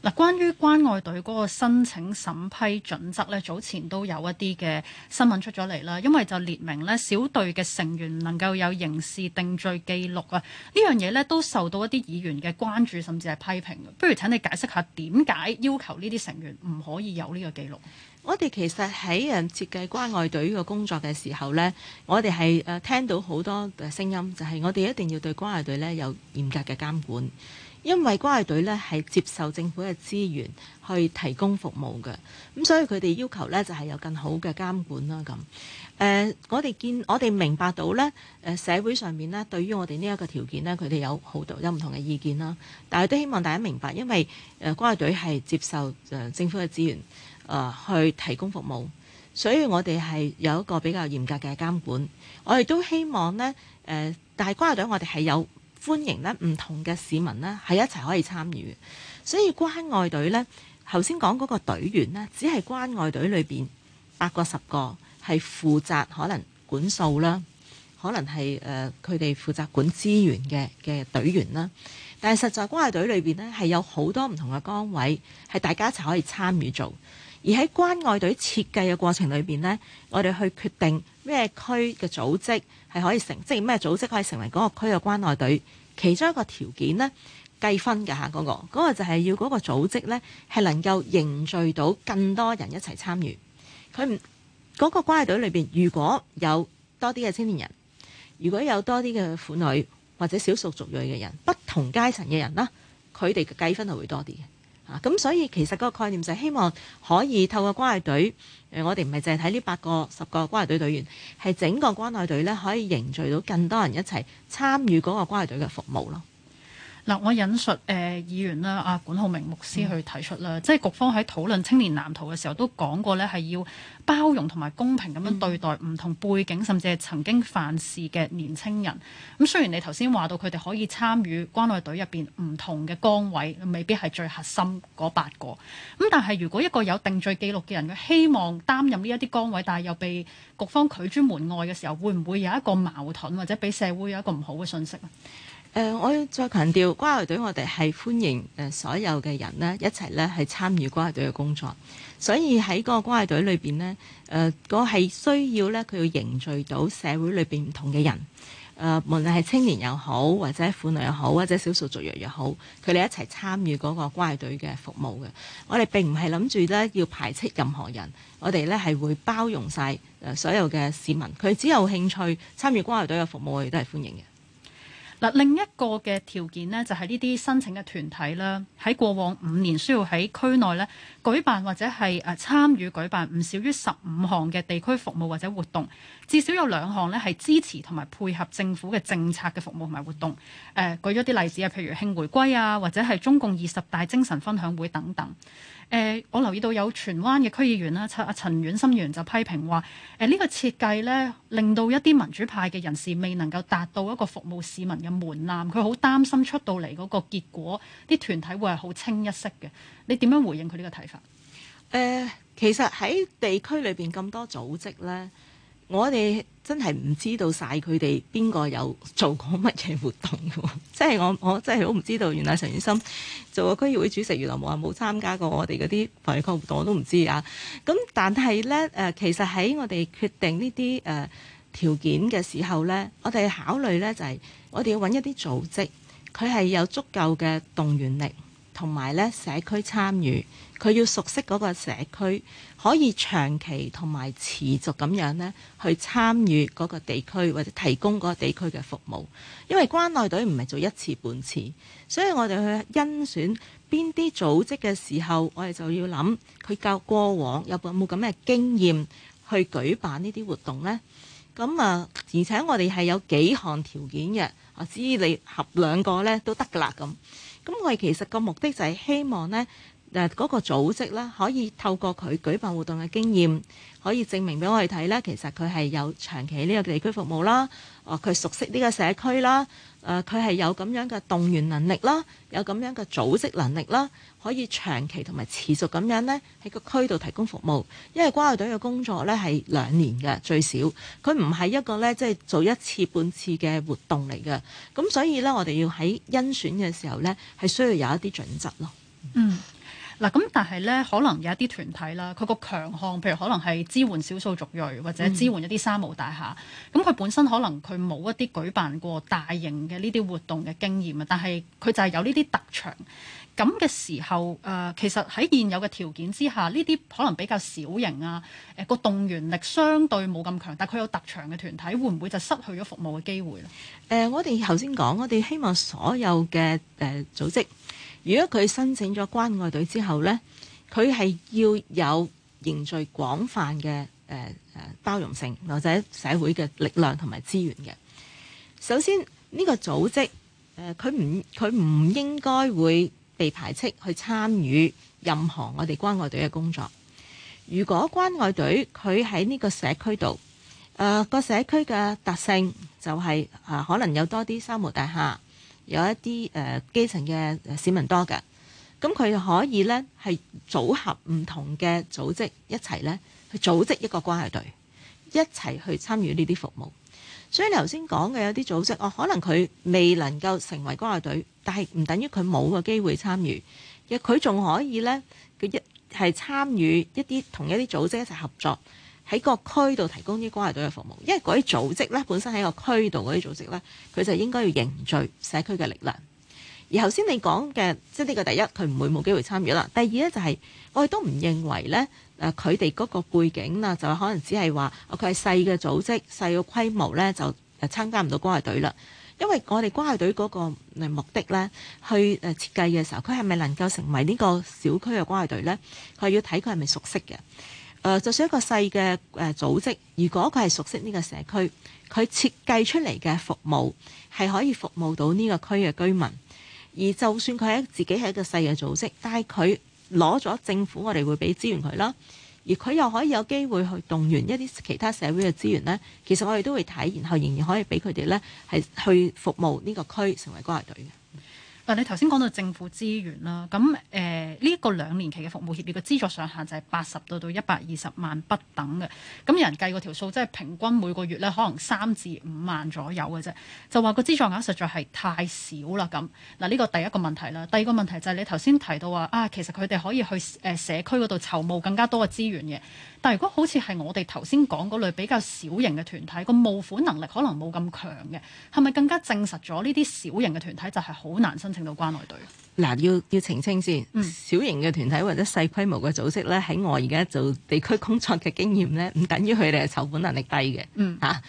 嗱，關於關愛隊嗰個申請審批準則咧，早前都有一啲嘅新聞出咗嚟啦。因為就列明呢小隊嘅成員能夠有刑事定罪記錄啊，呢樣嘢呢都受到一啲議員嘅關注，甚至係批評。不如請你解釋下點解要求呢啲成員唔可以有呢個記錄？我哋其實喺誒設計關愛隊嘅工作嘅時候呢，我哋係誒聽到好多聲音，就係、是、我哋一定要對關愛隊呢有嚴格嘅監管。因為關愛隊咧係接受政府嘅資源去提供服務嘅，咁所以佢哋要求咧就係有更好嘅監管啦。咁、呃、誒，我哋見我哋明白到咧誒社會上面咧對於我哋呢一個條件咧，佢哋有好多有唔同嘅意見啦。但係都希望大家明白，因為誒關愛隊係接受誒政府嘅資源誒、呃、去提供服務，所以我哋係有一個比較嚴格嘅監管。我哋都希望呢，誒、呃，但係關愛隊我哋係有。歡迎咧唔同嘅市民咧係一齊可以參與嘅，所以關愛隊呢，頭先講嗰個隊員咧，只係關愛隊裏邊八個十個係負責可能管數啦，可能係誒佢哋負責管資源嘅嘅隊員啦。但係實在關愛隊裏邊呢，係有好多唔同嘅崗位係大家一齊可以參與做，而喺關愛隊設計嘅過程裏邊呢，我哋去決定。咩區嘅組織係可以成即係咩組織可以成為嗰個區嘅關愛隊？其中一個條件呢，計分嘅吓，嗰個嗰個就係要嗰個組織呢，係能夠凝聚到更多人一齊參與。佢唔嗰個關愛隊裏邊，如果有多啲嘅青年人，如果有多啲嘅婦女或者少數族裔嘅人，不同階層嘅人啦，佢哋嘅計分係會多啲嘅。啊！咁所以其實個概念就係希望可以透過關愛隊誒、呃，我哋唔係淨係睇呢八個十個關愛隊隊員，係整個關愛隊咧可以凝聚到更多人一齊參與嗰個關愛隊嘅服務咯。嗱，我引述誒、呃、議員啦，阿、啊、管浩明牧師去提出啦，嗯、即係局方喺討論青年藍圖嘅時候都講過咧，係要包容同埋公平咁樣對待唔同背景甚至係曾經犯事嘅年青人。咁、嗯、雖然你頭先話到佢哋可以參與關愛隊入邊唔同嘅崗位，未必係最核心嗰八個，咁但係如果一個有定罪記錄嘅人，佢希望擔任呢一啲崗位，但係又被局方拒之門外嘅時候，會唔會有一個矛盾，或者俾社會有一個唔好嘅信息咧？誒、呃，我要再強調，關愛隊我哋係歡迎誒、呃、所有嘅人咧，一齊咧係參與關愛隊嘅工作。所以喺嗰個關愛隊裏邊咧，誒、呃，嗰係需要咧，佢要凝聚到社會裏邊唔同嘅人。誒、呃，無論係青年又好，或者婦女又好，或者少數族裔又好，佢哋一齊參與嗰個關愛隊嘅服務嘅。我哋並唔係諗住咧要排斥任何人，我哋咧係會包容晒誒所有嘅市民。佢只有興趣參與關愛隊嘅服務，我哋都係歡迎嘅。嗱，另一個嘅條件呢，就係呢啲申請嘅團體啦，喺過往五年需要喺區內咧舉辦或者係誒參與舉辦唔少於十五項嘅地區服務或者活動，至少有兩項呢，係支持同埋配合政府嘅政策嘅服務同埋活動。誒、呃、舉咗啲例子啊，譬如慶回歸啊，或者係中共二十大精神分享會等等。誒、呃，我留意到有荃灣嘅區議員啦，陳陳婉心議員就批評話：誒、呃，呢、這個設計咧，令到一啲民主派嘅人士未能夠達到一個服務市民嘅門檻，佢好擔心出到嚟嗰個結果，啲團體會係好清一色嘅。你點樣回應佢呢個睇法？誒、呃，其實喺地區裏邊咁多組織呢。我哋真係唔知道晒，佢哋邊個有做過乜嘢活動㗎，即 係我我真係好唔知道。原來陳宇森做個區議會主席，原來冇話冇參加過我哋嗰啲防疫活動，我都唔知啊。咁但係咧誒，其實喺我哋決定呢啲誒條件嘅時候咧，我哋考慮咧就係我哋要揾一啲組織，佢係有足夠嘅動員力。同埋咧社區參與，佢要熟悉嗰個社區，可以長期同埋持續咁樣呢去參與嗰個地區或者提供嗰個地區嘅服務。因為關愛隊唔係做一次半次，所以我哋去甄選邊啲組織嘅時候，我哋就要諗佢較過往有冇冇咁嘅經驗去舉辦呢啲活動呢。咁啊，而且我哋係有幾項條件嘅，我知你合兩個呢都得㗎啦咁。咁我哋其實個目的就係希望呢嗱嗰個組織啦，可以透過佢舉辦活動嘅經驗，可以證明俾我哋睇咧，其實佢係有長期呢個地區服務啦，哦佢熟悉呢個社區啦。誒，佢係、呃、有咁樣嘅動員能力啦，有咁樣嘅組織能力啦，可以長期同埋持續咁樣呢喺個區度提供服務。因為關愛隊嘅工作呢係兩年嘅最少，佢唔係一個呢，即係做一次半次嘅活動嚟嘅。咁所以呢，我哋要喺甄選嘅時候呢，係需要有一啲準則咯。嗯。嗱咁，但係咧，可能有一啲團體啦，佢個強項，譬如可能係支援少數族裔或者支援一啲三無大廈，咁佢、嗯、本身可能佢冇一啲舉辦過大型嘅呢啲活動嘅經驗啊，但係佢就係有呢啲特長。咁嘅時候，誒、呃、其實喺現有嘅條件之下，呢啲可能比較小型啊，誒、呃、個動員力相對冇咁強，但佢有特長嘅團體會唔會就失去咗服務嘅機會咧？誒、呃，我哋頭先講，我哋希望所有嘅誒、呃、組織。如果佢申請咗關愛隊之後呢，佢係要有凝聚廣泛嘅，誒誒、包容性，或者社會嘅力量同埋資源嘅。首先呢、呢個組織，誒，佢唔佢唔應該會被排斥去參與任何我哋關愛隊嘅工作。如果關愛隊佢喺呢個社區度，誒、呃、個社區嘅特性就係、是、誒、呃、可能有多啲三無大廈。有一啲誒基層嘅市民多㗎，咁佢可以呢，係組合唔同嘅組織一齊呢去組織一個關愛隊，一齊去參與呢啲服務。所以你頭先講嘅有啲組織，哦，可能佢未能夠成為關愛隊，但係唔等於佢冇個機會參與，而佢仲可以呢，佢一係參與一啲同一啲組織一齊合作。喺個區度提供啲關愛隊嘅服務，因為嗰啲組織咧本身喺個區度嗰啲組織咧，佢就應該要凝聚社區嘅力量。而頭先你講嘅，即係呢個第一，佢唔會冇機會參與啦。第二咧就係，我哋都唔認為咧，誒佢哋嗰個背景嗱，就可能只係話佢係細嘅組織、細嘅規模咧，就誒參加唔到關愛隊啦。因為我哋關愛隊嗰個誒目的咧，去誒設計嘅時候，佢係咪能夠成為呢個小區嘅關愛隊咧？佢要睇佢係咪熟悉嘅。誒，就算一個細嘅誒組織，如果佢係熟悉呢個社區，佢設計出嚟嘅服務係可以服務到呢個區嘅居民，而就算佢係自己係一個細嘅組織，但係佢攞咗政府，我哋會俾資源佢啦。而佢又可以有機會去動員一啲其他社會嘅資源呢，其實我哋都會睇，然後仍然可以俾佢哋呢係去服務呢個區，成為關愛隊。但你頭先講到政府資源啦，咁誒呢一個兩年期嘅服務協議嘅資助上限就係八十到到一百二十萬不等嘅，咁有人計過條數，即係平均每個月咧可能三至五萬左右嘅啫，就話個資助額實在係太少啦咁。嗱，呢個第一個問題啦，第二個問題就係你頭先提到話啊，其實佢哋可以去誒社區嗰度籌募更加多嘅資源嘅，但係如果好似係我哋頭先講嗰類比較小型嘅團體，個募款能力可能冇咁強嘅，係咪更加證實咗呢啲小型嘅團體就係好難申請？聽到關內隊。嗱，要要澄清先，嗯、小型嘅團體或者細規模嘅組織咧，喺我而家做地區工作嘅經驗咧，唔等於佢哋籌款能力低嘅嚇。即係、嗯啊、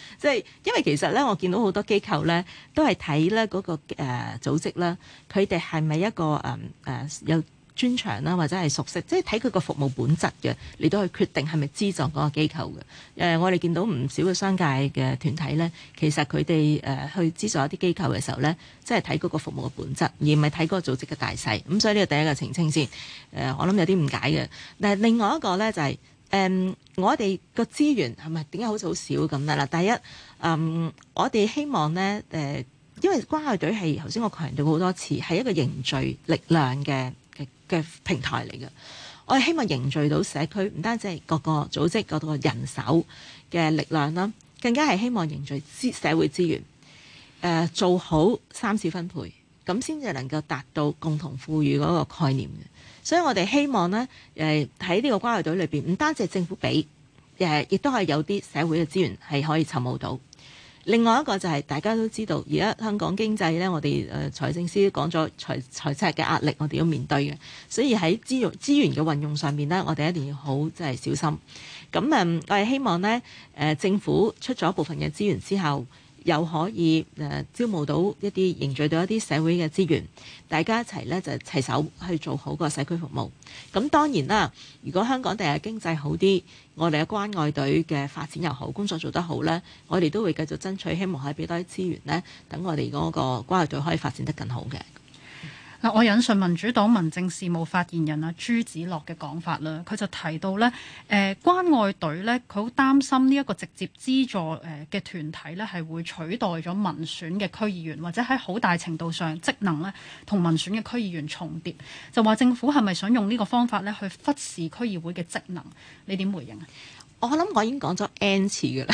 因為其實咧，我見到好多機構咧，都係睇咧嗰個誒、呃、組織啦，佢哋係咪一個誒誒、呃呃、有。專長啦，或者係熟悉，即係睇佢個服務本質嘅，你都去決定係咪資助嗰個機構嘅。誒、呃，我哋見到唔少嘅商界嘅團體呢，其實佢哋誒去資助一啲機構嘅時候呢，即係睇嗰個服務嘅本質，而唔係睇嗰個組織嘅大細。咁、嗯、所以呢個第一個澄清先。誒、呃，我諗有啲誤解嘅。但係另外一個呢，就係、是、誒、呃，我哋個資源係咪點解好似好少咁咧？嗱，第一嗯、呃，我哋希望呢，誒、呃，因為關愛隊係頭先我強調好多次係一個凝聚力量嘅，嘅平台嚟嘅，我哋希望凝聚到社區唔單止係各個組織、各個人手嘅力量啦，更加係希望凝聚社會資源，誒、呃、做好三次分配，咁先至能夠達到共同富裕嗰個概念嘅。所以我哋希望呢，誒喺呢個關愛隊裏邊，唔單止係政府俾，誒、呃、亦都係有啲社會嘅資源係可以尋募到。另外一個就係大家都知道，而家香港經濟咧，我哋誒財政司都講咗財財赤嘅壓力，我哋要面對嘅，所以喺資用資源嘅運用上面咧，我哋一定要好即係小心。咁嗯，我哋希望咧誒政府出咗部分嘅資源之後，又可以誒、呃、招募到一啲凝聚到一啲社會嘅資源，大家一齊咧就齊手去做好個社區服務，咁當然啦，如果香港第日經濟好啲，我哋嘅關愛隊嘅發展又好，工作做得好咧，我哋都會繼續爭取，希望係俾多啲資源咧，等我哋嗰個關愛隊可以發展得更好嘅。嗱，我引述民主黨民政事務發言人啊朱子樂嘅講法啦，佢就提到咧，誒、呃、關愛隊咧，佢好擔心呢一個直接資助誒嘅團體咧，係會取代咗民選嘅區議員，或者喺好大程度上職能咧同民選嘅區議員重疊，就話政府係咪想用呢個方法咧去忽視區議會嘅職能？你點回應啊？我諗我已經講咗 N 次㗎喇，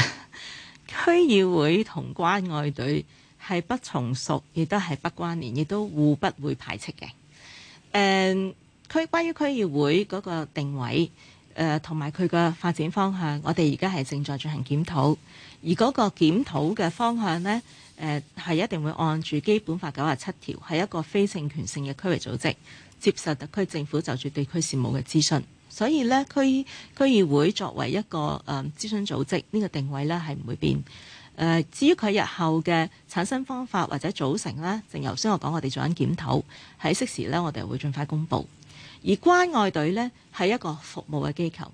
區 議會同關愛隊。係不從屬，亦都係不關聯，亦都互不會排斥嘅。誒、嗯，區關於區議會嗰個定位，誒同埋佢嘅發展方向，我哋而家係正在進行檢討。而嗰個檢討嘅方向呢，誒、呃、係一定會按住基本法九十七條，係一個非政權性嘅區域組織，接受特區政府就住地區事務嘅諮詢。所以呢，區區議會作為一個誒、嗯、諮詢組織，呢、這個定位呢，係唔會變。誒、呃，至於佢日後嘅產生方法或者組成咧，正如頭先我講，我哋做緊檢討，喺適時呢，我哋會盡快公布。而關愛隊呢，係一個服務嘅機構，誒、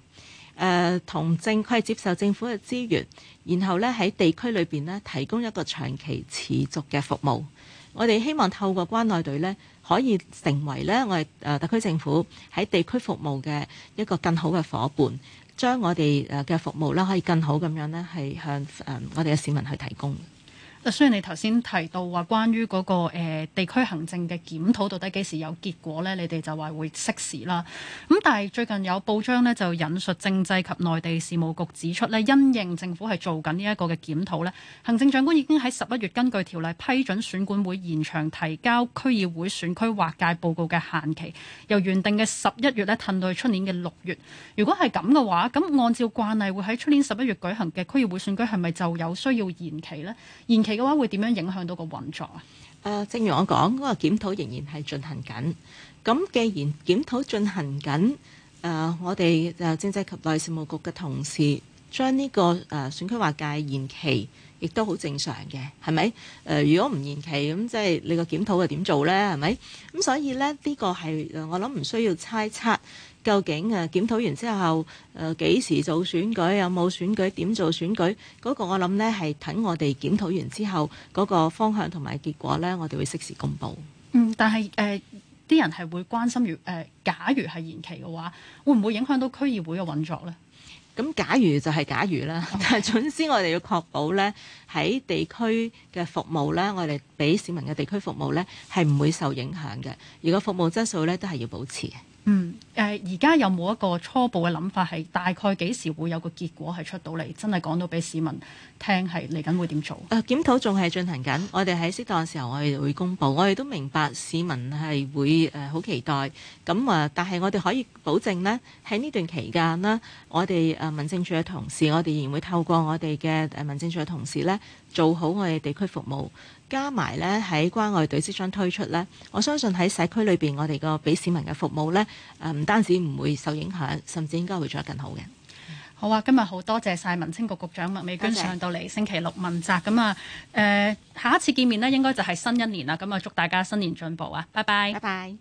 呃、同政規接受政府嘅資源，然後呢，喺地區裏邊呢，提供一個長期持續嘅服務。我哋希望透過關愛隊呢，可以成為呢，我哋特區政府喺地區服務嘅一個更好嘅伙伴。將我哋誒嘅服務啦，可以更好咁樣咧，係向誒我哋嘅市民去提供。雖然你頭先提到話關於嗰個、那個、呃、地區行政嘅檢討到底幾時有結果呢，你哋就話會適時啦。咁但係最近有報章呢，就引述政制及內地事務局指出呢，因應政府係做緊呢一個嘅檢討呢，行政長官已經喺十一月根據條例批准選管會延長提交區議會選區劃界報告嘅限期，由原定嘅十一月呢褪到去出年嘅六月。如果係咁嘅話，咁按照慣例會喺出年十一月舉行嘅區議會選舉係咪就有需要延期呢？延期？嘅話會點樣影響到個運作啊？誒、呃，正如我講，嗰個檢討仍然係進行緊。咁既然檢討進行緊，誒、呃，我哋就經濟及內事務局嘅同事。將呢個誒選區劃界延期，亦都好正常嘅，係咪？誒、呃，如果唔延期，咁即係你個檢討又點做咧？係咪？咁所以咧，呢、呢個係我諗唔需要猜測究竟誒檢討完之後誒幾、呃、時做選舉，有冇選舉，點做選舉？嗰、嗰個我諗咧係等我哋檢討完之後嗰、嗰個方向同埋結果咧，我哋會適時公布。嗯，但係誒，啲、呃、人係會關心如誒、呃，假如係延期嘅話，會唔會影響到區議會嘅運作咧？咁假如就係假如啦，但係總之我哋要確保咧，喺地區嘅服務咧，我哋俾市民嘅地區服務咧，係唔會受影響嘅。如果服務質素咧，都係要保持。嗯，誒而家有冇一個初步嘅諗法係大概幾時會有個結果係出到嚟？真係講到俾市民聽係嚟緊會點做？誒檢討仲係進行緊，我哋喺適當嘅時候我哋會公布。我哋都明白市民係會誒好、呃、期待，咁誒但係我哋可以保證呢：喺呢段期間啦，我哋誒民政處嘅同事，我哋仍然會透過我哋嘅誒民政處嘅同事呢，做好我哋地區服務。加埋呢，喺關愛隊即將推出呢，我相信喺社區裏邊我哋個俾市民嘅服務呢，誒唔單止唔會受影響，甚至應該會做得更好嘅。好啊，今日好多謝晒民政局局長麥美娟謝上到嚟星期六問責咁啊，誒、呃、下一次見面呢，應該就係新一年啦，咁啊祝大家新年進步啊，拜拜，拜拜。